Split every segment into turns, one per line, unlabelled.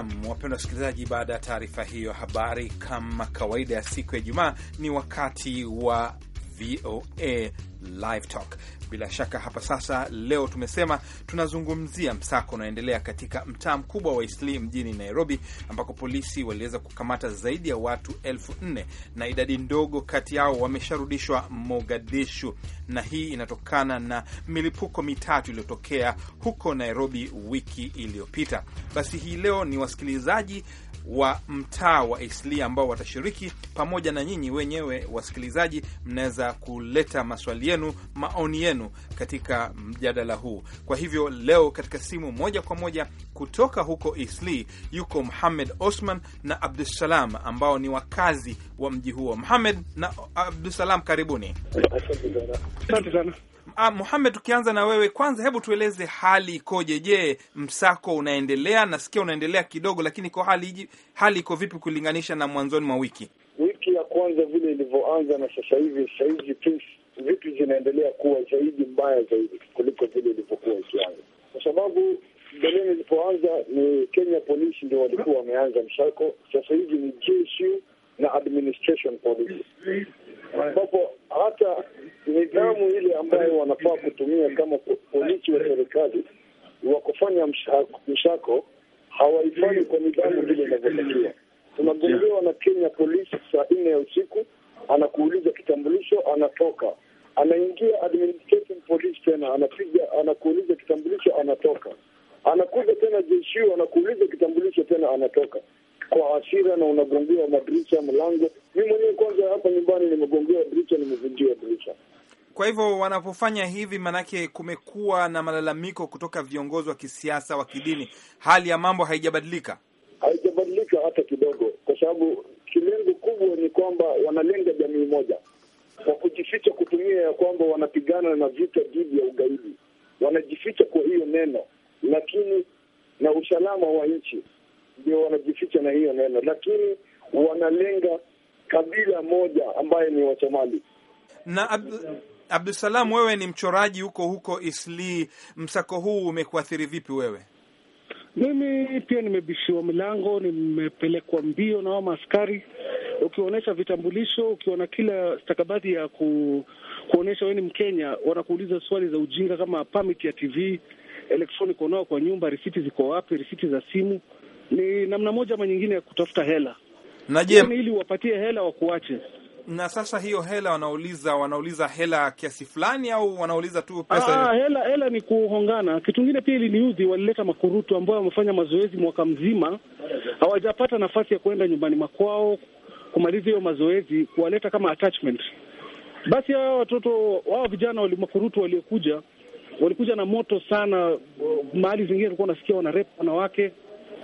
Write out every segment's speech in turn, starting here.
Nam, wapendwa wasikilizaji, baada ya taarifa hiyo habari, kama kawaida ya siku ya Ijumaa, ni wakati wa VOA Live Talk. Bila shaka hapa sasa, leo tumesema tunazungumzia msako unaoendelea katika mtaa mkubwa wa Eastleigh mjini Nairobi, ambako polisi waliweza kukamata zaidi ya watu elfu nne na idadi ndogo kati yao wamesharudishwa Mogadishu, na hii inatokana na milipuko mitatu iliyotokea huko Nairobi wiki iliyopita. Basi hii leo ni wasikilizaji wa mtaa wa Islia ambao watashiriki pamoja na nyinyi wenyewe wasikilizaji. Mnaweza kuleta maswali yenu, maoni yenu katika mjadala huu. Kwa hivyo leo katika simu moja kwa moja kutoka huko Isli yuko Muhamed Osman na Abdusalam ambao ni wakazi wa mji huo. Muhamed na Abdusalam, karibuni. Ah, Muhamed, tukianza na wewe kwanza, hebu tueleze hali ikoje? Je, msako unaendelea? Nasikia unaendelea kidogo, lakini kwa hali hali iko vipi kulinganisha na mwanzoni mwa wiki
wiki ya kwanza vile ilivyoanza na sasa hivi? Sasa vitu zinaendelea kuwa zaidi mbaya zaidi kuliko vile ilivyokuwa ikianza, kwa sababu beleni ilipoanza ni Kenya polisi ndio walikuwa wameanza msako. Sasa hivi ni JSU na administration police ambapo hata nidhamu ile ambayo wanafaa kutumia kama polisi wa serikali wa kufanya mshako, mshako hawaifanyi kwa nidhamu vile inavyotakiwa. Tunagongewa na Kenya polisi saa nne ya usiku, anakuuliza kitambulisho, anatoka anaingia administrative police tena anapiga, anakuuliza kitambulisho, anatoka anakuja tena jeshi, anakuuliza kitambulisho tena, anatoka kwa hasira na unagongea madirisha, mlango. Mi mwenyewe kwanza hapa nyumbani nimegongea dirisha, nimevunjia dirisha.
Kwa hivyo wanapofanya hivi, maanake kumekuwa na malalamiko kutoka viongozi wa kisiasa, wa kidini. Hali ya mambo haijabadilika,
haijabadilika hata kidogo, kwa sababu kilengo kubwa ni kwamba wanalenga jamii moja kwa kujificha, kutumia ya kwamba wanapigana na vita dhidi ya ugaidi. Wanajificha kwa hiyo neno, lakini na usalama wa nchi ndio wanajificha na hiyo neno, lakini wanalenga kabila moja ambaye ni Wasomali
na ab Abdusalam, wewe ni mchoraji huko huko Isli, msako huu umekuathiri vipi wewe?
Mimi pia nimebishiwa milango, nimepelekwa mbio na wao maaskari, ukionyesha vitambulisho, ukiona kila stakabadhi ya ku, kuonyesha wewe ni Mkenya, wanakuuliza swali za ujinga kama pamiti ya TV, electronic unao kwa nyumba, risiti ziko wapi,
risiti za simu ni namna moja ama nyingine ya kutafuta hela na je, ili wapatie hela wakuache. Na sasa hiyo hela wanauliza wanauliza hela kiasi fulani au wanauliza tu pesa?
Aa, ah, hela hela ni kuhongana. Kitu kingine pia iliniudhi, walileta makurutu ambayo wamefanya mazoezi mwaka mzima, hawajapata nafasi ya kuenda nyumbani makwao kumaliza hiyo mazoezi, kuwaleta kama attachment. Basi hao watoto hao vijana wali makurutu waliokuja walikuja na moto sana, mahali zingine walikuwa nasikia wanarep wanawake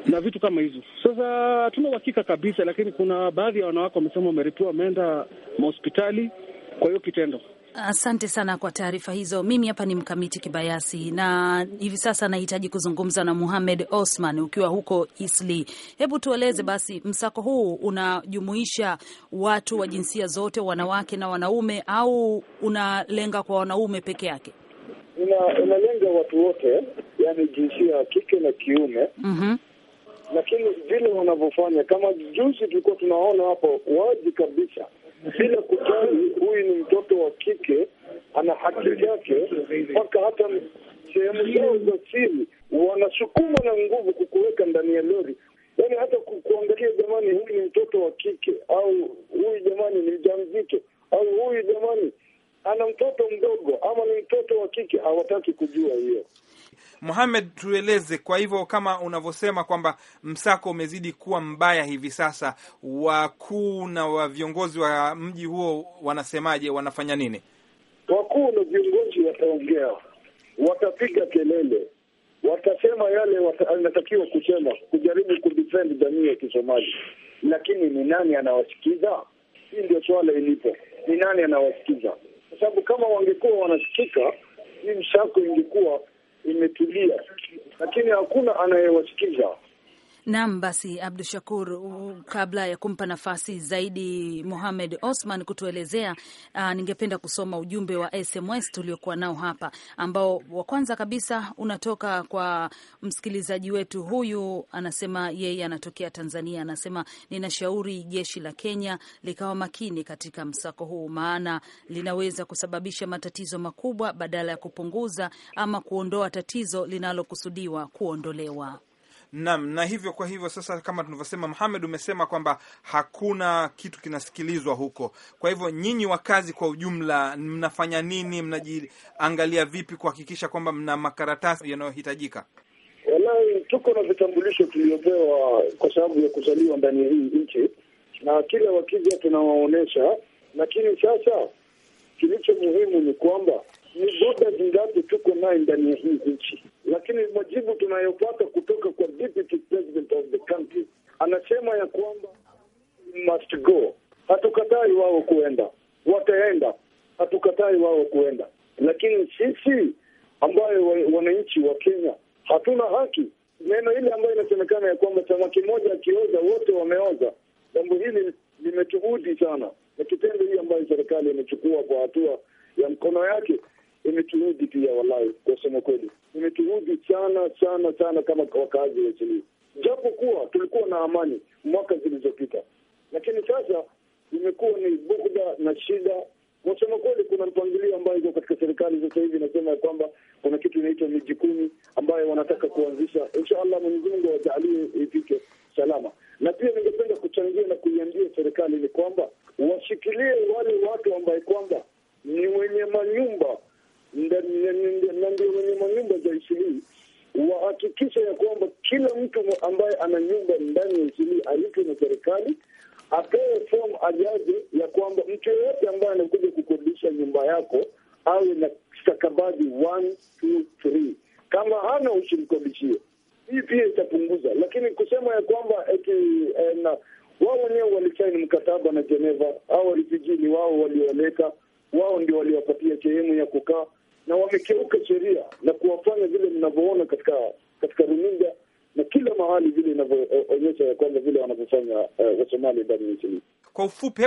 na vitu kama hizo. Sasa hatuna uhakika kabisa, lakini kuna baadhi ya wanawake wamesema wameripiwa wameenda mahospitali kwa hiyo kitendo.
Asante sana kwa taarifa hizo. Mimi hapa ni Mkamiti Kibayasi, na hivi sasa nahitaji kuzungumza na Muhamed Osman ukiwa huko Isli. Hebu tueleze basi, msako huu unajumuisha watu wa jinsia zote, wanawake na wanaume, au unalenga kwa wanaume peke yake?
Una, unalenga watu wote, yani jinsia ya kike na kiume. mm -hmm lakini vile wanavyofanya, kama juzi tulikuwa tunaona hapo wazi kabisa, bila kujali huyu ni mtoto wa kike, ana haki yake, mpaka hata sehemu zao za siri wanasukuma na nguvu kukuweka ndani ya lori. Yani hata kuangalia, jamani, huyu ni mtoto wa kike, au huyu jamani ni mjamzito, au huyu jamani ana mtoto mdogo ama ni mtoto wa kike, hawataki kujua hiyo.
Mohamed, tueleze kwa hivyo, kama unavyosema kwamba msako umezidi kuwa mbaya hivi sasa, wakuu na wa viongozi wa mji huo wanasemaje? Wanafanya nini?
Wakuu na viongozi wataongea, watapiga kelele, watasema yale wanatakiwa kusema, kujaribu kudefend jamii ya Kisomali, lakini ni nani anawasikiza? Hii ndio swala ilipo, ni nani anawasikiza? kwa sababu kama wangekuwa wanasikika hii msako ingekuwa imetulia, lakini hakuna anayewasikiza.
Naam, basi Abdu Shakur, kabla ya kumpa nafasi zaidi Muhamed Osman kutuelezea, uh, ningependa kusoma ujumbe wa SMS tuliokuwa nao hapa, ambao wa kwanza kabisa unatoka kwa msikilizaji wetu huyu, anasema yeye anatokea Tanzania. Anasema ninashauri jeshi la Kenya likawa makini katika msako huu, maana linaweza kusababisha matatizo makubwa badala ya kupunguza ama kuondoa tatizo linalokusudiwa kuondolewa.
Naam, na hivyo kwa hivyo sasa, kama tunavyosema, mhamed umesema kwamba hakuna kitu kinasikilizwa huko. Kwa hivyo nyinyi wakazi kwa ujumla mnafanya nini? Mnajiangalia vipi kuhakikisha kwamba mna makaratasi yanayohitajika?
Wallahi, tuko na vitambulisho tuliopewa kwa sababu ya kuzaliwa ndani ya hii nchi, na kila wakija tunawaonyesha, lakini sasa kilicho muhimu ni kwamba boda zingapi tuko naye ndani ya hii nchi, lakini majibu tunayopata kutoka kwa deputy president of the country anasema ya kwamba must go. Hatukatai wao kuenda, wataenda, hatukatai wao kuenda, lakini sisi ambayo wananchi wa Kenya hatuna haki. Neno ile ambayo inasemekana ya kwamba chama kimoja akioza wote wameoza, jambo hili limetuhudi sana, na kitendo hii ambayo serikali imechukua kwa hatua ya mkono yake imeturudi pia, wallahi, kwa kweli, imeturudi sana sana sana kama wakaazi wa chini, japo kuwa tulikuwa na amani mwaka zilizopita, lakini sasa imekuwa ni bughudha na shida. Kusema kweli, kuna mpangilio ambayo iko katika serikali sasa hivi inasema ya kwamba kuna kitu inaitwa miji kumi ambayo wanataka kuanzisha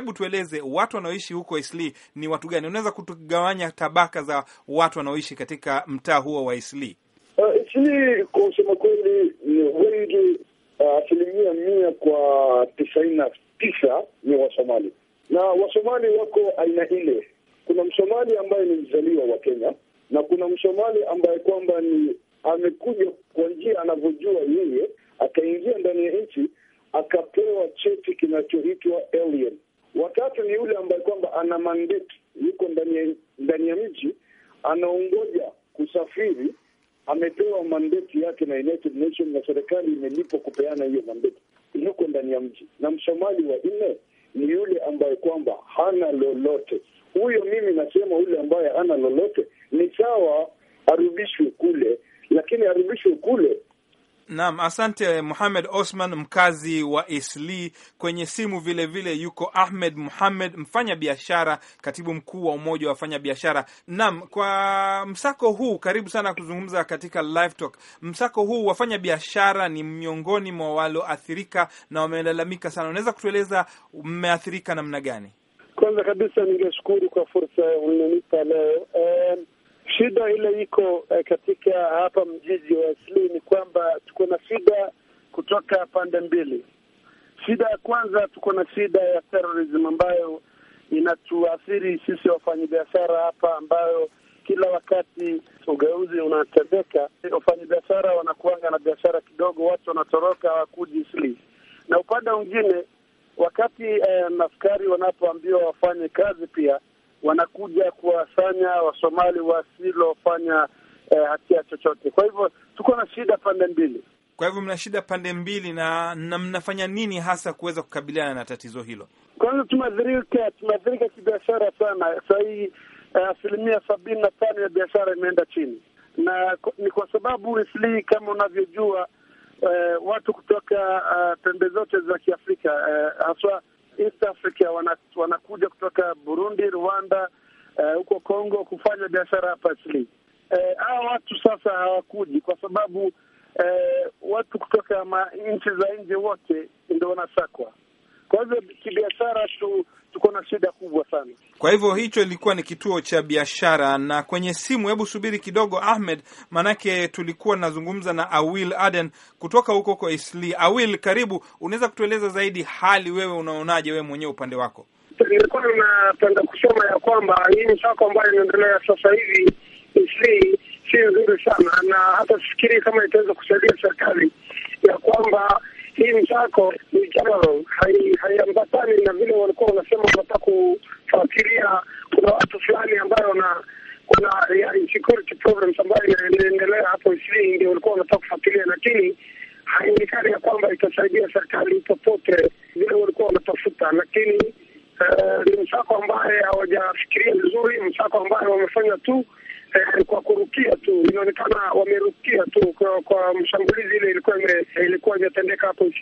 hebu tueleze watu wanaoishi huko Isli ni watu gani? Unaweza kutugawanya tabaka za watu wanaoishi katika mtaa huo wa Isli?
Uh, Isli kwa usema kweli ni wengi, uh, asilimia uh, mia kwa tisaini na tisa ni Wasomali na Wasomali wako aina ile. Kuna Msomali ambaye ni mzaliwa wa Kenya na kuna Msomali ambaye kwamba ni amekuja kwa njia anavyojua yeye, akaingia ndani ya nchi akapewa cheti kinachoitwa alien Watatu ni yule ambaye kwamba ana mandeti yuko ndani ya ndani ya mji, anaongoja kusafiri, amepewa mandeti yake na United Nations na serikali imelipa kupeana hiyo mandeti yuko ndani ya mji. Na Msomali wa nne ni yule ambaye kwamba hana lolote. Huyo mimi nasema yule ambaye hana lolote ni sawa arudishwe kule, lakini arudishwe kule
Naam, asante eh, Muhamed Osman, mkazi wa Isli. Kwenye simu vilevile vile yuko Ahmed Muhamed, mfanya biashara, katibu mkuu wa umoja wa wafanya biashara. Naam, kwa msako huu, karibu sana kuzungumza katika Live Talk. Msako huu, wafanya biashara ni miongoni mwa walioathirika na wamelalamika sana. Unaweza kutueleza mmeathirika namna gani?
Kwanza kabisa ningeshukuru kwa fursa ulionipa leo. Um, Shida ile iko eh, katika hapa mjiji wa Eastleigh ni kwamba tuko na shida kutoka pande mbili. Shida ya kwanza, tuko na shida ya terrorism ambayo inatuathiri sisi wafanyabiashara hapa, ambayo kila wakati ugeuzi unatendeka, wafanyabiashara wanakuanga na biashara kidogo, watu wanatoroka hawakuji Eastleigh. Na upande mwingine, wakati eh, maskari wanapoambiwa wafanye kazi pia wanakuja kuwafanya Wasomali wasilofanya eh, hatia chochote. Kwa hivyo tuko na shida pande mbili.
Kwa hivyo mna shida pande mbili na, na mnafanya nini hasa kuweza kukabiliana na tatizo hilo?
Kwanza tumeathirika, tumeathirika kibiashara sana. sahihi eh, asilimia sabini na tano ya biashara imeenda chini, na ni kwa sababu isli kama unavyojua eh, watu kutoka eh, pembe zote za Kiafrika eh, haswa East Africa wanakuja kutoka Burundi, Rwanda, eh, huko uh, Congo kufanya biashara hapa Chile. Eh, hawa uh, watu sasa hawakuji kwa sababu uh, watu kutoka nchi za nje wote ndio wanasakwa. Kwa hivyo kibiashara tu, tuko na shida
kubwa sana. Kwa hivyo hicho ilikuwa ni kituo cha biashara. Na kwenye simu, hebu subiri kidogo Ahmed, maanake tulikuwa nazungumza na Awil Aden kutoka huko kwa Isli. Awil, karibu, unaweza kutueleza zaidi hali, wewe unaonaje wewe mwenyewe upande wako?
Nilikuwa napenda kusema ya kwamba hii msako ambayo inaendelea sasa hivi Isli si nzuri sana, na hata sifikiri kama itaweza kusaidia serikali ya kwamba hii msako michano haiambatani na vile walikuwa wanasema wanataka kufuatilia. Kuna watu fulani ambayo na kuna security problems ambayo inaendelea hapo Isli, ndio walikuwa wanataka kufuatilia, lakini haionekani ya kwamba itasaidia serikali popote vile walikuwa wanatafuta, lakini eh, ni msako ambaye hawajafikiria vizuri, msako ambaye wamefanya tu eh, kwa kurukia tu, inaonekana wamerukia tu kwa, kwa
mshambulizi ile ilikuwa ilikuwa imetendeka hapo nam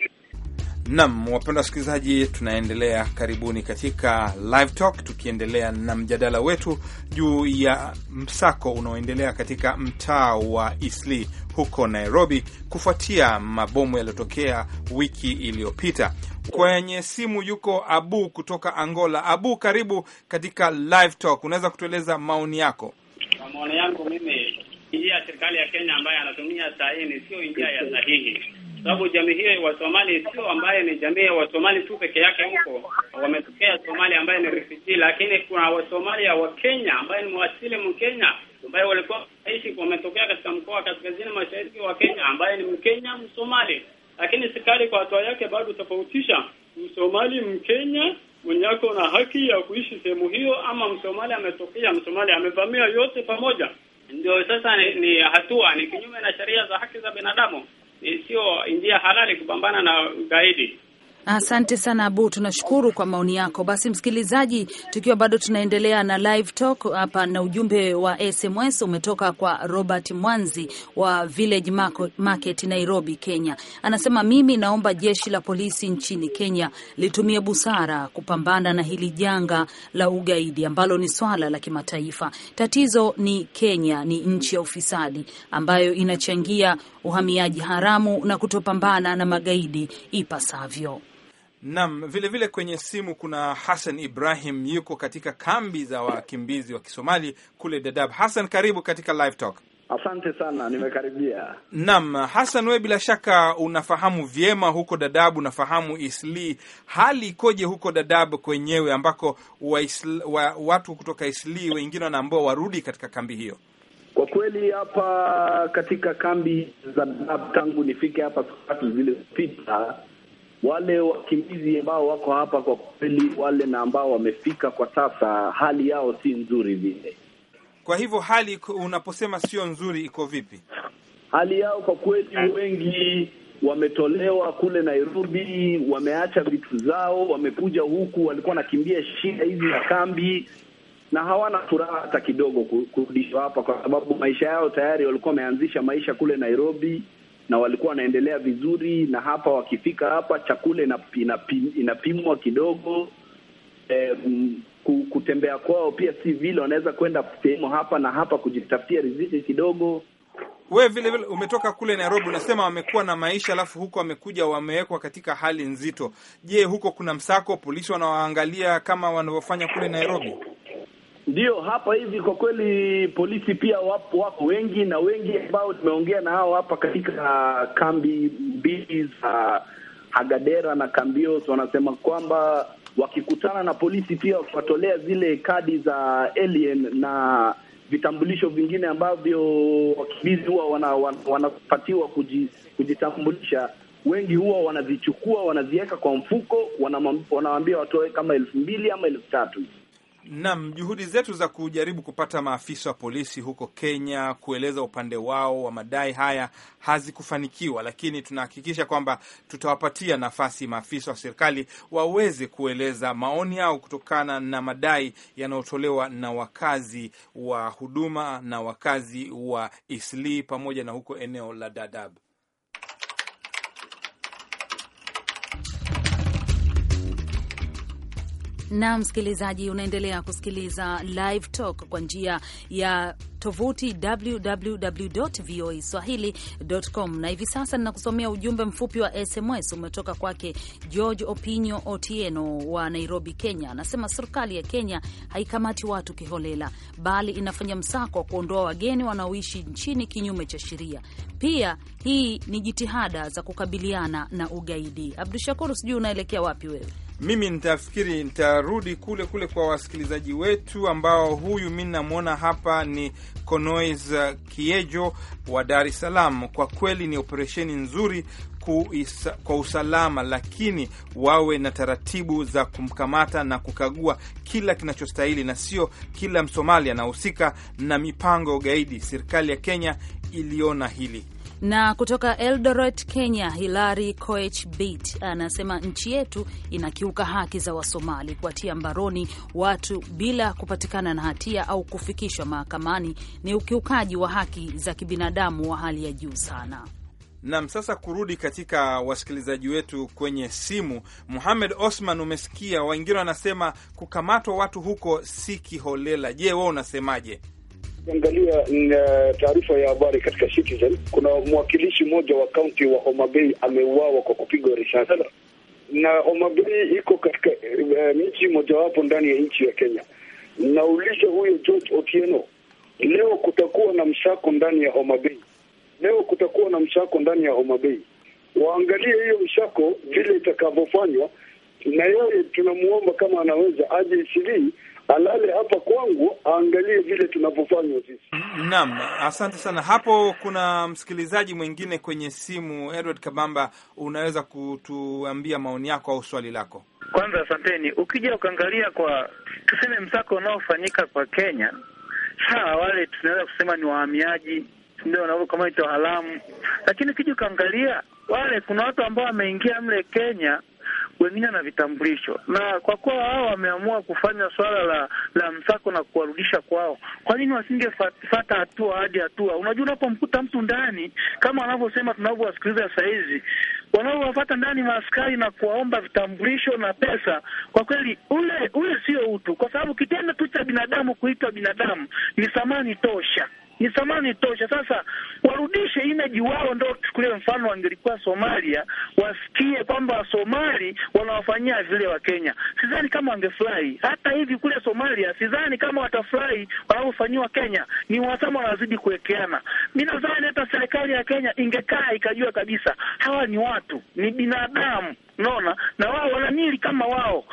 Naam, wapenda wasikilizaji, tunaendelea karibuni katika Live Talk tukiendelea na mjadala wetu juu ya msako unaoendelea katika mtaa wa Isli huko Nairobi kufuatia mabomu yaliyotokea wiki iliyopita. Kwenye simu yuko Abu kutoka Angola. Abu, karibu katika Live Talk, unaweza kutueleza maoni yako? Kwa maoni
yangu mimi, njia ya serikali ya Kenya ambayo anatumia saa hii ni sio njia ya sahihi, sababu jamii hiyo ya Wasomali sio ambaye ni jamii ya Wasomali tu peke yake, huko wametokea Somali ambaye ni refugee, lakini kuna Wasomalia wa Kenya ambaye ni mwasili Mkenya ambaye walikuwa wanaishi wametokea katika mkoa wa kaskazini mashariki wa Kenya ambaye ni Mkenya Msomali, lakini serikali kwa hatua yake bado tofautisha Msomali Mkenya mwenyako na haki ya kuishi sehemu hiyo, ama Msomali ametokea Msomali amevamia, yote pamoja ndio sasa ni, ni hatua ni kinyume na sheria za haki za binadamu, sio njia halali kupambana na ugaidi.
Asante sana Abu, tunashukuru kwa maoni yako. Basi msikilizaji, tukiwa bado tunaendelea na live talk hapa, na ujumbe wa SMS umetoka kwa Robert Mwanzi wa Village Market, Nairobi, Kenya. Anasema, mimi naomba jeshi la polisi nchini Kenya litumie busara kupambana na hili janga la ugaidi ambalo ni swala la kimataifa. Tatizo ni Kenya ni nchi ya ufisadi ambayo inachangia uhamiaji haramu na kutopambana na magaidi ipasavyo
nam vilevile vile kwenye simu kuna Hassan Ibrahim yuko katika kambi za wakimbizi wa Kisomali kule dadab Hassan, karibu katika Live Talk.
Asante sana, nimekaribia.
nam Hassan, wewe bila shaka unafahamu vyema huko dadab unafahamu Isli, hali ikoje huko dadab kwenyewe ambako wa isli, wa, watu kutoka Isli wengine wanaambao warudi katika kambi hiyo?
Kwa kweli hapa katika kambi za Dadab tangu nifike hapa siku tatu zilizopita wale wakimbizi ambao wako hapa kwa kweli, wale na ambao wamefika kwa sasa, hali yao si nzuri vile.
Kwa hivyo hali unaposema sio nzuri, iko vipi hali yao? Kwa kweli wengi
wametolewa kule Nairobi, wameacha vitu zao, wamekuja huku, walikuwa wanakimbia shida hizi ya kambi, na hawana furaha hata kidogo kurudishwa hapa, kwa sababu maisha yao tayari walikuwa wameanzisha maisha kule Nairobi na walikuwa wanaendelea vizuri, na hapa wakifika hapa chakula inapimwa kidogo eh, kutembea kwao pia si vile, wanaweza kwenda sehemu hapa na hapa kujitafutia riziki kidogo.
We vile vile umetoka kule Nairobi, unasema wamekuwa na maisha, alafu huko wamekuja wamewekwa katika hali nzito. Je, huko kuna msako, polisi wanawaangalia kama wanavyofanya kule Nairobi? Ndiyo,
hapa hivi kwa kweli polisi pia wapo, wapo wengi na wengi ambao tumeongea na hao hapa katika kambi mbili za hagadera na Kambios wanasema kwamba wakikutana na polisi pia wakiwatolea zile kadi za alien na vitambulisho vingine ambavyo wakimbizi huwa wanapatiwa wana, wana kujitambulisha, wengi huwa wanazichukua wanaziweka kwa mfuko, wanawaambia watoe kama elfu
mbili ama elfu tatu nam juhudi zetu za kujaribu kupata maafisa wa polisi huko Kenya kueleza upande wao wa madai haya hazikufanikiwa, lakini tunahakikisha kwamba tutawapatia nafasi maafisa wa serikali waweze kueleza maoni yao kutokana na madai yanayotolewa na wakazi wa huduma na wakazi wa Isli pamoja na huko eneo la Dadaab.
Na msikilizaji, unaendelea kusikiliza Live Talk kwa njia ya tovuti www swahilicom, na hivi sasa ninakusomea ujumbe mfupi wa SMS umetoka kwake George Opinio Otieno wa Nairobi, Kenya. Anasema serikali ya Kenya haikamati watu kiholela, bali inafanya msako wa kuondoa wageni wanaoishi nchini kinyume cha sheria. Pia hii ni jitihada za kukabiliana na ugaidi. Abdu Shakuru, sijui unaelekea wapi wewe?
mimi nitafikiri nitarudi kule kule kwa wasikilizaji wetu ambao huyu mi namwona hapa ni Konois Kiejo wa Dar es Salaam. Kwa kweli ni operesheni nzuri kwa usalama, lakini wawe na taratibu za kumkamata na kukagua kila kinachostahili, na sio kila Msomali anahusika na mipango ya ugaidi. Serikali ya Kenya iliona hili.
Na kutoka Eldoret, Kenya, Hilary Koech Bit anasema nchi yetu inakiuka haki za Wasomali kuwatia mbaroni watu bila kupatikana na hatia au kufikishwa mahakamani. Ni ukiukaji wa haki za kibinadamu wa hali ya juu sana.
Nam, sasa kurudi katika wasikilizaji wetu kwenye simu. Muhamed Osman, umesikia wengine wanasema kukamatwa watu huko si kiholela. Je, wewe unasemaje?
Ukiangalia mm, eh, taarifa ya habari katika Citizen, kuna mwakilishi mmoja wa kaunti wa Homa Bay ameuawa kwa kupigwa risasi, na Homa Bay iko katika uh, mji mojawapo ndani ya nchi ya Kenya. Nauliza huyo George Otieno, leo kutakuwa na msako ndani ya Homa Bay, leo kutakuwa na msako ndani ya Homa Bay. Waangalie hiyo msako vile itakavyofanywa, na yeye tunamwomba kama anaweza aje alale hapa kwangu, aangalie vile tunavyofanywa sisi.
Naam, asante sana. Hapo kuna msikilizaji mwingine kwenye simu. Edward Kabamba, unaweza kutuambia maoni yako au swali lako?
Kwanza asanteni. Ukija ukaangalia kwa tuseme msako unaofanyika kwa Kenya, sawa, wale tunaweza kusema ni wahamiaji ndio ito haramu, lakini ukija ukaangalia wale kuna watu ambao wameingia mle Kenya wengine na vitambulisho, na kwa kuwa wao wameamua kufanya swala la la msako na kuwarudisha kwao, kwa nini wasingefata hatua hadi hatua? Unajua, unapomkuta mtu ndani kama wanavyosema, tunavyowasikiliza saa hizi, wanaowafata ndani maaskari na kuwaomba vitambulisho na pesa, kwa kweli ule ule sio utu, kwa sababu kitendo tu cha binadamu kuitwa binadamu ni thamani tosha ni thamani tosha. Sasa warudishe imeji wao, ndo tuchukulie mfano, angelikuwa Somalia, wasikie kwamba Somali wanawafanyia vile Kenya. sidhani kama wangefurahi. Hata hivi kule Somalia, sidhani kama watafurahi wanaofanyiwa Kenya. Ni wasama wanazidi kuwekeana. Mi nadhani hata serikali ya Kenya ingekaa ikajua kabisa hawa ni watu, ni binadamu Unaona, na wao wana mili kama wao,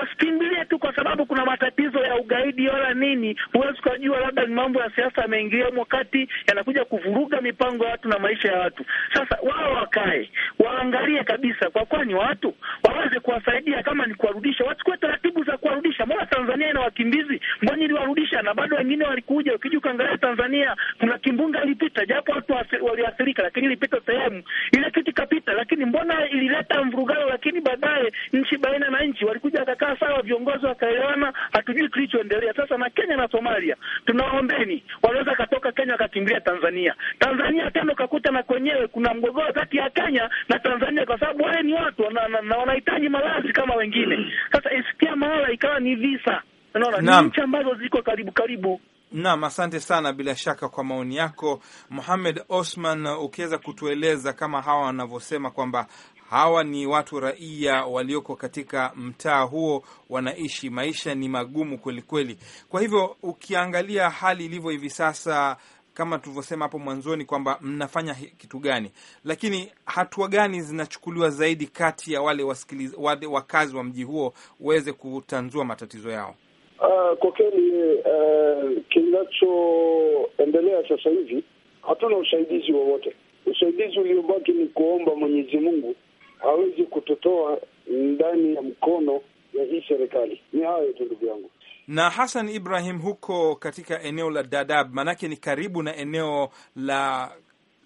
wasikimbilie wa, wa tu kwa sababu kuna matatizo ya ugaidi wala nini. Huwezi kujua, labda ni mambo ya siasa mengi yaliyomo kati yanakuja kuvuruga mipango ya watu na maisha ya watu. Sasa wao wakae waangalie kabisa, kwa kwani watu waweze kuwasaidia, kama ni kuwarudisha, wachukue taratibu za kuwarudisha mbona Tanzania ina wakimbizi, mbona iliwarudisha? Na bado wengine walikuja. Ukija ukaangalia Tanzania, kuna kimbunga ilipita, japo watu waliathirika, lakini ilipita sehemu ile, kitu ikapita. Lakini mbona ilileta mvurugano? Lakini baadaye nchi baina na nchi walikuja wakakaa sawa, viongozi wakaelewana. Hatujui kilichoendelea sasa na Kenya na Somalia. tunaombeni, waliweza katoka Kenya wakakimbilia Tanzania. Tanzania tena ukakuta na kwenyewe kuna mgogoro kati ya Kenya na Tanzania, kwa sababu wale ni watu na wanahitaji malazi kama wengine. Sasa mahala ikawa ni visa.
Unaona, ni nchi
ambazo ziko karibu karibu.
Naam, asante sana bila shaka kwa maoni yako muhamed Osman. Ukiweza kutueleza kama hawa wanavyosema kwamba hawa ni watu raia walioko katika mtaa huo, wanaishi maisha ni magumu kwelikweli kweli. Kwa hivyo ukiangalia hali ilivyo hivi sasa, kama tulivyosema hapo mwanzoni kwamba mnafanya kitu gani, lakini hatua gani zinachukuliwa zaidi kati ya wale wasikilizaji, wale wakazi wa mji huo waweze kutanzua matatizo yao?
Uh, kwa kweli uh, kinachoendelea sasa hivi hatuna usaidizi wowote. Usaidizi uliobaki ni kuomba Mwenyezi Mungu aweze kututoa ndani ya mkono ya hii serikali. Ni hayo tu ndugu yangu
na Hassan Ibrahim huko katika eneo la Dadaab, maanake ni karibu na eneo la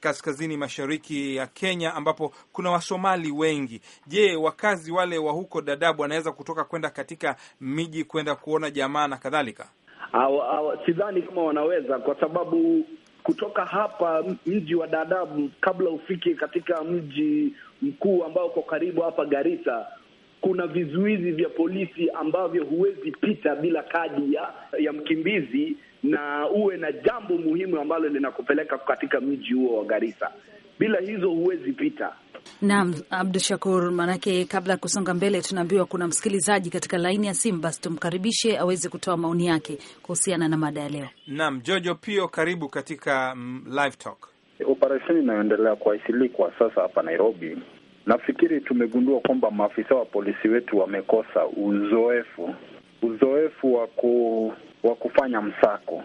kaskazini mashariki ya Kenya ambapo kuna Wasomali wengi. Je, wakazi wale wa huko Dadaab wanaweza kutoka kwenda katika miji kwenda kuona jamaa na kadhalika?
Sidhani kama wanaweza, kwa sababu kutoka hapa mji wa Dadaab, kabla ufike katika mji mkuu ambao uko karibu hapa Garissa, kuna vizuizi vya polisi ambavyo huwezi pita bila kadi ya, ya mkimbizi na uwe na jambo muhimu ambalo linakupeleka katika mji huo wa Garissa. Bila hizo huwezi pita.
Naam, Abdu Shakur, maanake kabla ya kusonga mbele, tunaambiwa kuna msikilizaji katika laini ya simu, basi tumkaribishe aweze kutoa maoni yake kuhusiana na mada ya leo.
Naam, Jojo Pio, karibu katika um, Live Talk.
Operesheni inayoendelea kwa Isili kwa sasa hapa Nairobi Nafikiri tumegundua kwamba maafisa wa polisi wetu wamekosa uzoefu, uzoefu wa waku, kufanya msako,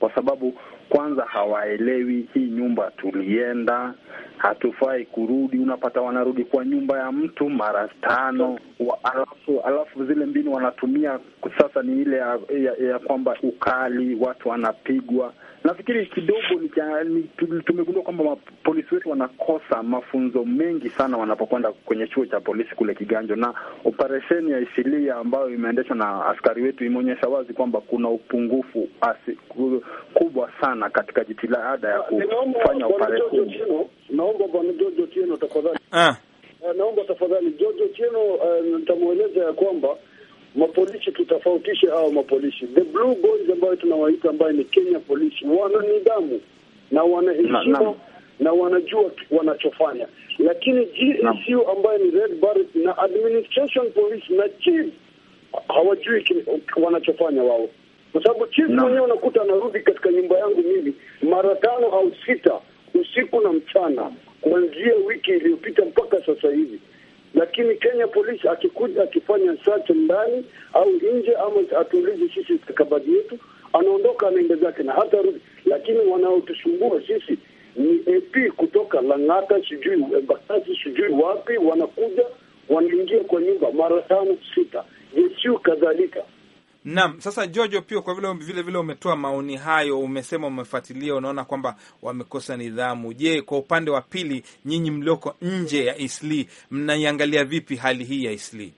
kwa sababu kwanza hawaelewi hii nyumba tulienda, hatufai kurudi. Unapata wanarudi kwa nyumba ya mtu mara tano, alafu alafu zile mbinu wanatumia sasa ni ile ya, ya, ya kwamba ukali, watu wanapigwa Nafikiri kidogo tumegundua kwamba polisi wetu wanakosa mafunzo mengi sana wanapokwenda kwenye chuo cha polisi kule Kiganjo, na operesheni ya Isilia ambayo imeendeshwa na askari wetu imeonyesha wazi kwamba kuna upungufu asi, kubwa sana katika jitihada ya kufanya operesheni. Naomba Bwana Jojo Tieno tafadhali, ah. eh, naomba tafadhali Jojo Tieno, eh, nitamweleza ya kwamba mapolisi tutofautishe hao mapolisi the blue boys ambayo tunawaita ambayo ni Kenya polisi, wana nidhamu na wanaheshima na, na, na wanajua wanachofanya, lakini GSU ambayo ni Red Barret na administration police na chief hawajui wanachofanya wao, kwa sababu chief mwenyewe unakuta anarudi katika nyumba yangu mimi mara tano au sita usiku na mchana, kuanzia wiki iliyopita mpaka sasa hivi lakini Kenya polisi akikuja akifanya search ndani au nje, ama atulize sisi stakabadhi yetu, anaondoka anaenda zake na hata rudi. Lakini wanaotusumbua sisi ni AP kutoka Lang'ata, sijui Embakasi, sijui wapi, wanakuja wanaingia kwa nyumba mara tano sita, jesiu kadhalika
Naam, sasa Jojo, pia kwa vile vile vile umetoa maoni hayo, umesema umefuatilia, unaona kwamba wamekosa nidhamu. Je, kwa upande wa pili, nyinyi mlioko nje ya Isli mnaiangalia vipi hali hii ya Isli?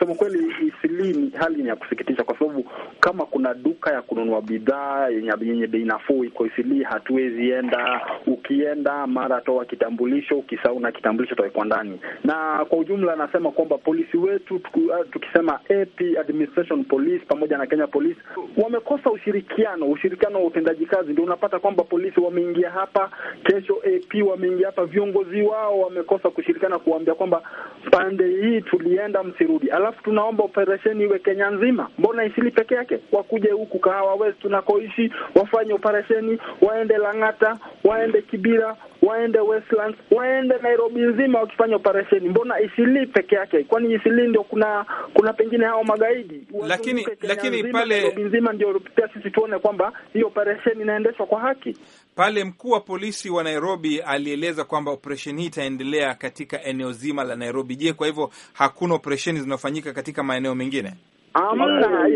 kusema kweli, Isilini hali ni ya kusikitisha, kwa sababu kama kuna duka ya kununua bidhaa yenye bei nafuu iko isili, hatuwezi enda. Ukienda mara toa kitambulisho, ukisahau na kitambulisho tawekwa ndani. Na kwa ujumla, nasema kwamba polisi wetu tuku, ah, tukisema AP Administration Police pamoja na Kenya Police wamekosa ushirikiano, ushirikiano wa utendaji kazi. Ndio unapata kwamba polisi wameingia hapa, kesho AP wameingia hapa, viongozi wao wamekosa kushirikiana, kuambia kwamba pande hii tulienda, msirudi. Ala alafu tunaomba operesheni iwe Kenya nzima, mbona Isili peke yake? Wakuje huku Kahawa West tunakoishi wafanye operesheni, waende Lang'ata, waende Kibira waende Westlands, waende Nairobi nzima wakifanya operesheni. Mbona Isili peke yake? Kwani Isili ndio kuna kuna pengine hao magaidi?
Lakini lakini pale Nairobi
nzima ndio pia sisi tuone kwamba hiyo operesheni inaendeshwa kwa haki.
Pale mkuu wa polisi wa Nairobi alieleza kwamba operesheni hii itaendelea katika eneo zima la Nairobi. Je, kwa hivyo hakuna operesheni zinafanyika katika maeneo mengine?
Amna,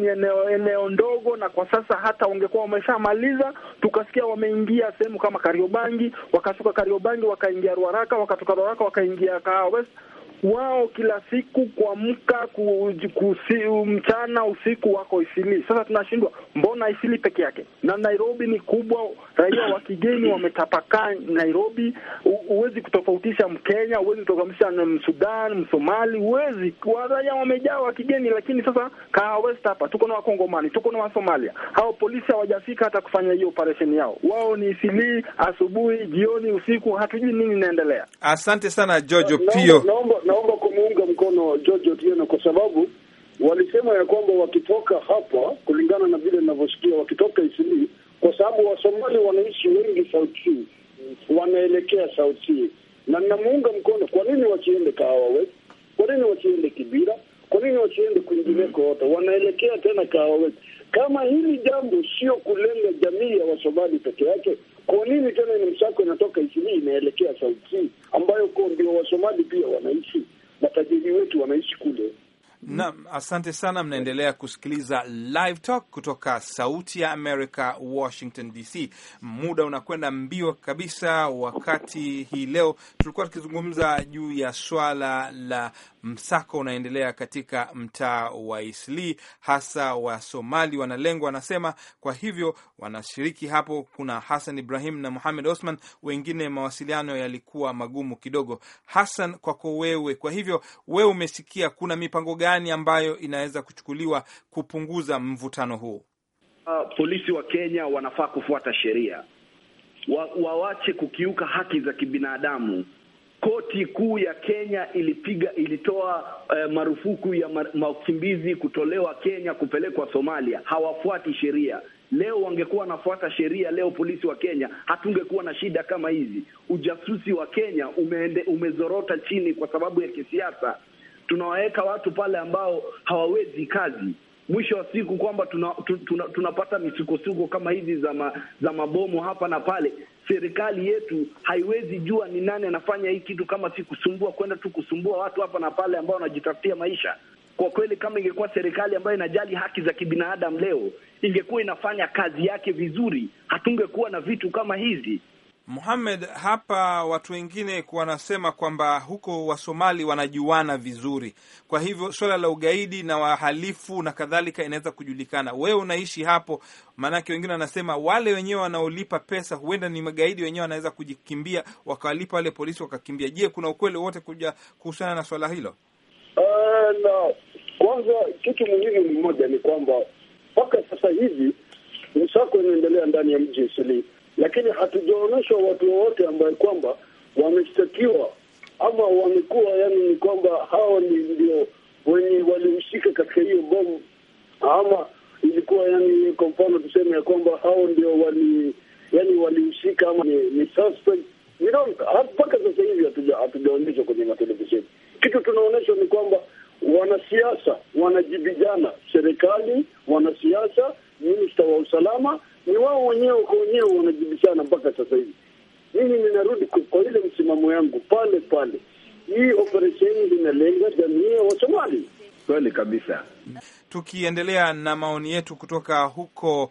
ni eneo, eneo ndogo, na kwa sasa hata ungekuwa wameshamaliza, tukasikia wameingia sehemu kama Kariobangi, wakatoka Kariobangi wakaingia Ruaraka, wakatoka Ruaraka wakaingia Kahawa West wao kila siku kuamka mchana usiku wako Isili. Sasa tunashindwa, mbona Isili peke yake? Na Nairobi ni kubwa, raia wa kigeni wametapakaa Nairobi. Huwezi kutofautisha Mkenya, huwezi kutofautisha Msudan, Msomali, huwezi. Raia wamejaa wa kigeni, lakini sasa kaa West hapa tuko na Wakongomani, tuko na Wasomalia. Hao polisi hawajafika hata kufanya hiyo operesheni yao, wao ni Isili asubuhi, jioni, usiku, hatujui nini inaendelea.
Asante sana Jojo Pio
naomba kumuunga mkono George Otieno kwa sababu walisema ya kwamba wakitoka hapa, kulingana na vile ninavyosikia, wakitoka Isili kwa sababu Wasomali wanaishi wengi South Sea, wanaelekea South Sea, na ninamuunga mkono. Kwa nini wasiende Kahawa West? Kwa nini wasiende Kibira? Kwa nini wasiende kwingineko? Wote wanaelekea tena Kahawa West. Kama hili jambo sio kulenga jamii ya Wasomali peke yake, kwa nini tena ni msako inatoka Isimii inaelekea Sauti ambayo ko ndio Wasomali pia wanaishi, matajiri wetu wanaishi kule.
Naam, asante sana. Mnaendelea kusikiliza Live Talk kutoka Sauti ya America, Washington DC. Muda unakwenda mbio kabisa. Wakati hii leo tulikuwa tukizungumza juu ya swala la msako unaendelea katika mtaa wa Isli, hasa wa Somali wanalengwa, wanasema kwa hivyo wanashiriki hapo. Kuna Hassan Ibrahim na Muhamed Osman, wengine mawasiliano yalikuwa magumu kidogo. Hassan, kwako wewe, kwa hivyo wewe umesikia kuna mipango gani gani ambayo inaweza kuchukuliwa kupunguza mvutano huu?
Uh, ah, polisi wa Kenya wanafaa kufuata sheria, wa, wawache kukiuka haki za kibinadamu. Koti kuu ya Kenya ilipiga ilitoa uh, marufuku ya makimbizi kutolewa Kenya kupelekwa Somalia. Hawafuati sheria. Leo wangekuwa wanafuata sheria, leo polisi wa Kenya hatungekuwa na shida kama hizi. Ujasusi wa Kenya umeende, umezorota chini kwa sababu ya kisiasa tunawaweka watu pale ambao hawawezi kazi mwisho wa siku kwamba tunapata tuna, tuna, misukosuko kama hizi za, ma, za mabomu hapa na pale. Serikali yetu haiwezi jua ni nani anafanya hii kitu, kama si kusumbua, kwenda tu kusumbua watu hapa na pale ambao wanajitafutia maisha. Kwa kweli, kama ingekuwa serikali ambayo inajali haki za kibinadamu leo ingekuwa inafanya kazi yake vizuri, hatungekuwa
na vitu kama hizi. Muhamed, hapa watu wengine wanasema kwamba huko Wasomali wanajuana vizuri, kwa hivyo swala la ugaidi na wahalifu na kadhalika inaweza kujulikana. Wewe unaishi hapo, maanake wengine wanasema wale wenyewe wanaolipa pesa huenda ni magaidi wenyewe, wanaweza kujikimbia wakawalipa wale polisi wakakimbia. Je, kuna ukweli wote kuja kuhusiana na swala hilo?
Uh, no. Kwanza kitu muhimu mmoja ni kwamba mpaka sasa hivi msako inaendelea ndani ya mji Isili lakini hatujaonyeshwa watu wowote ambaye kwamba wameshtakiwa ama wamekuwa yani, ni kwamba hawa ni ndio wenye walihusika katika hiyo bomu, ama ilikuwa yani, kwa mfano tuseme ya kwamba hao ndio wali yani walihusika ama ni, ni suspect mpaka sasa hivi hatujaonyeshwa kwenye matelevisheni. Kitu tunaonyeshwa ni kwamba wanasiasa wanajibijana, serikali, wanasiasa, minista wa usalama ni wao wenyewe kwa wenyewe wanajibishana mpaka sasa hivi. Mimi ninarudi kwa ile msimamo yangu pale pale, hii operesheni linalenga jamii ya Wasomali. Kweli kabisa.
Tukiendelea na maoni yetu kutoka huko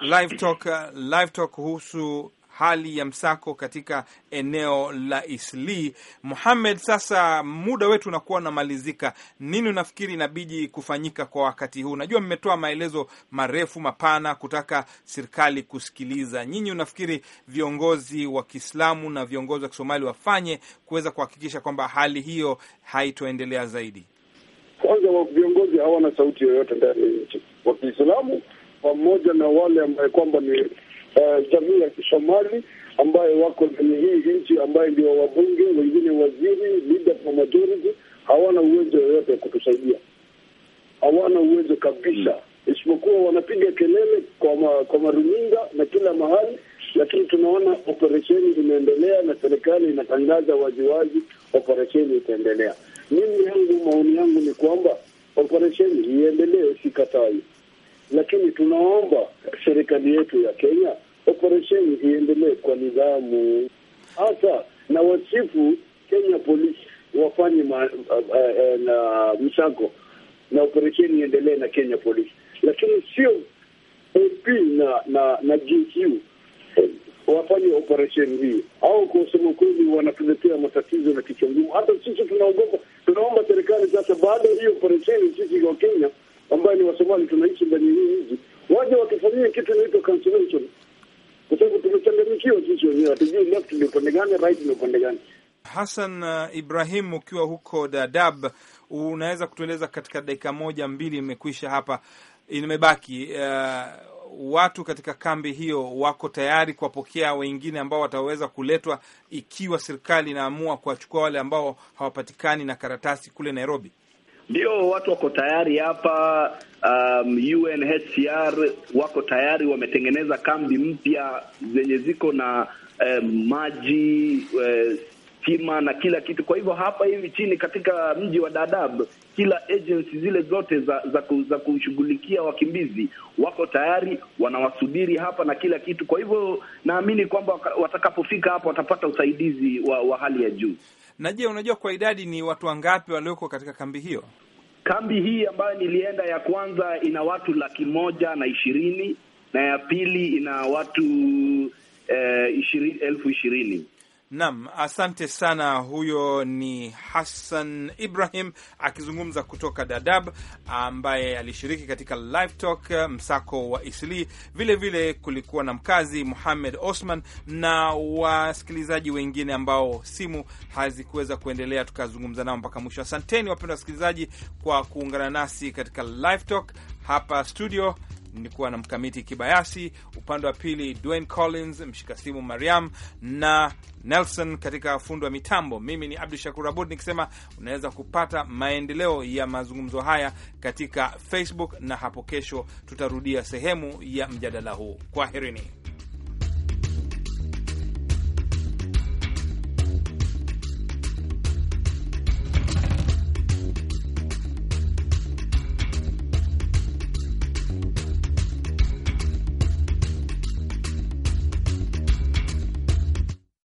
Live Talk, Live Talk kuhusu hali ya msako katika eneo la Isli. Muhamed, sasa muda wetu unakuwa unamalizika, nini unafikiri inabidi kufanyika kwa wakati huu? Najua mmetoa maelezo marefu mapana kutaka serikali kusikiliza nyinyi. Unafikiri viongozi wa Kiislamu na viongozi wa Kisomali wafanye kuweza kuhakikisha kwamba hali hiyo haitoendelea zaidi?
Kwanza, viongozi hawana sauti yoyote ndani ya nchi wa Kiislamu pamoja na wale ambaye kwamba ni Eh, jamii ya Kisomali ambayo wako kwenye hii nchi ambayo ndio wabunge wengine, waziri leader kwa majority, hawana uwezo yoyote wa kutusaidia, hawana uwezo kabisa mm, isipokuwa wanapiga kelele kwa ma, kwa maruninga na kila mahali, lakini tunaona operesheni inaendelea na serikali inatangaza waziwazi operesheni itaendelea. Mimi yangu maoni yangu ni kwamba operesheni iendelee, sikatai lakini tunaomba serikali yetu ya Kenya operesheni iendelee kwa nidhamu, hasa na wasifu Kenya polisi wafanye uh, uh, na msako na operesheni iendelee na Kenya polisi, lakini sio AP na na na GSU wafanye operesheni hii, au kwa kusema kweli wanatuletea matatizo na kichwa ngumu. Hata sisi tunaogopa, tunaomba serikali sasa, baada ya hii operesheni sisi wa Kenya ambaye ni Wasomali tunaishi ndani ya hii nchi, waje watufanyie kitu inaitwa cancellation, kwa sababu tumechanganyikiwa sisi wenyewe, hatujui left ni upande gani, right ni upande gani.
Hassan uh, Ibrahim, ukiwa huko Dadab, unaweza kutueleza katika dakika moja mbili, imekwisha hapa, imebaki uh watu katika kambi hiyo wako tayari kuwapokea wengine ambao wataweza kuletwa ikiwa serikali inaamua kuwachukua wale ambao hawapatikani na karatasi kule Nairobi?
Ndio, watu wako tayari hapa. Um, UNHCR wako tayari, wametengeneza kambi mpya zenye ziko na um, maji eh, stima na kila kitu. Kwa hivyo hapa hivi chini katika mji wa Dadaab, kila agency zile zote za za, za kushughulikia wakimbizi wako tayari, wanawasubiri hapa na kila kitu. Kwa hivyo naamini kwamba watakapofika hapa watapata usaidizi wa, wa hali ya juu.
Na
je, unajua kwa idadi ni watu wangapi walioko katika kambi hiyo? Kambi hii ambayo nilienda ya kwanza ina watu laki moja na ishirini na ya pili ina watu
eh, ishirini, elfu ishirini
Nam, asante sana. Huyo ni Hassan Ibrahim akizungumza kutoka Dadab, ambaye alishiriki katika live talk msako wa Isli. Vilevile vile kulikuwa na mkazi Muhamed Osman na wasikilizaji wengine ambao simu hazikuweza kuendelea, tukazungumza nao mpaka mwisho. Asanteni wapendwa wasikilizaji kwa kuungana nasi katika live talk hapa studio nilikuwa na mkamiti Kibayasi, upande wa pili Dwayne Collins, mshika simu Mariam na Nelson katika fundi wa mitambo. Mimi ni Abdu Shakur Abud nikisema unaweza kupata maendeleo ya mazungumzo haya katika Facebook na hapo kesho tutarudia sehemu ya mjadala huu. Kwaherini.